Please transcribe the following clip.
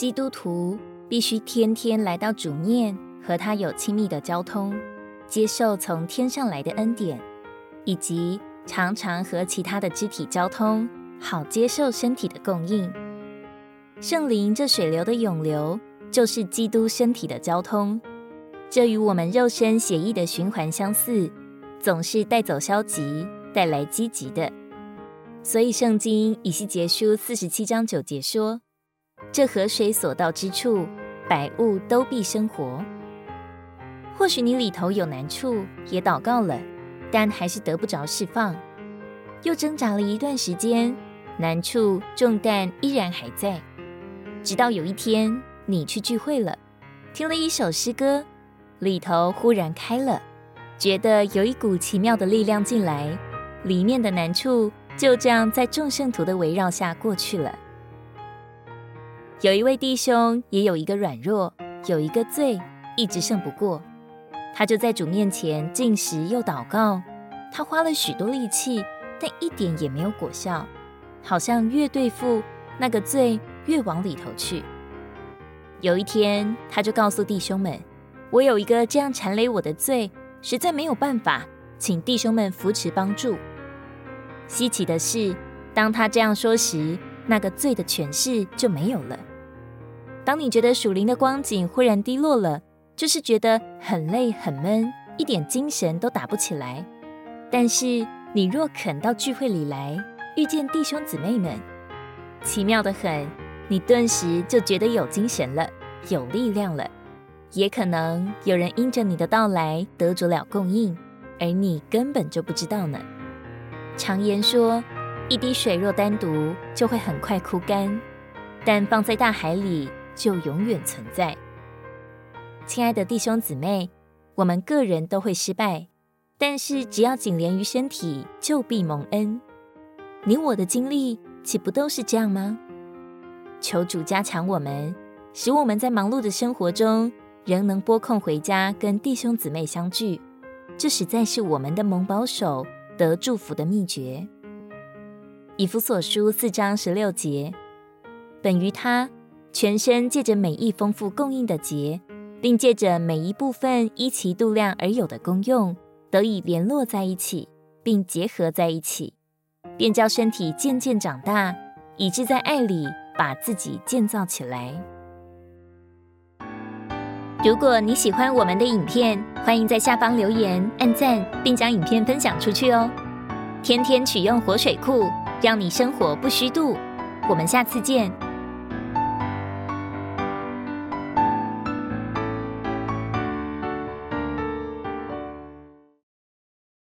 基督徒必須天天來到主面前，和他有親密的交通，接受從天上來的恩典，以及常常和其他的肢體交通，好接受身體的供應。聖靈這水流的湧流，就是基督身體的交通，這與我們肉身血液的循環相似，總是帶走消極，帶來積極的。所以，聖經以西結書四十七章九節說。這河水所到之處，百物都必生活。或許你裡頭有難處，也禱告了，但還是得不着釋放。又掙扎了一段時間，難處重擔依然還在。直到有一天，你去聚會了，聽了一首詩歌，裡頭忽然開了，覺得有一股奇妙的力量進來，裡面的難處就這樣在眾聖徒的圍繞下過去了。有一位弟兄也有一個軟弱，有一個罪一直勝不過，他就在主面前禁食又禱告，他花了許多力氣，但一點也沒有果效，好像越對付那個罪越往裡頭去。有一天，他就告訴弟兄們：“我有一個這樣纏累我的罪，實在沒有辦法，請弟兄們扶持幫助。”稀奇的是，當他這樣說時，那個罪的權勢就沒有了。當你覺得屬靈的光景忽然低落了，就是覺得很累很悶，一點精神都打不起來。但是你若肯到聚會裡來，遇見弟兄姊妹們，奇妙得很，你頓時就覺得有精神了，有力量了。也可能有人因着你的到來得着了供應，而你根本就不知道呢。常言說，一滴水若單獨就會很快枯乾，但放在大海裡。就永遠存在。親愛的弟兄姊妹，我們個人都會失敗，但是只要緊連於身體，就必蒙恩。你我的經歷豈不都是這樣嗎？求主加強我們，使我們在忙碌的生活中，仍能撥空回家跟弟兄姊妹相聚。這實在是我們的蒙保守、得祝福的秘訣。以弗所書四章十六節，本於他，全身借着每一豐富供應的節，並借着每一部分依其度量而有的功用，得以聯絡在一起，並結合在一起，便叫身體漸漸長大，以致在愛裡把自己建造起來。如果你喜歡我們的影片，歡迎在下方留言、按讚，並將影片分享出去哦。天天取用活水庫，讓你生活不虛度。我們下次見。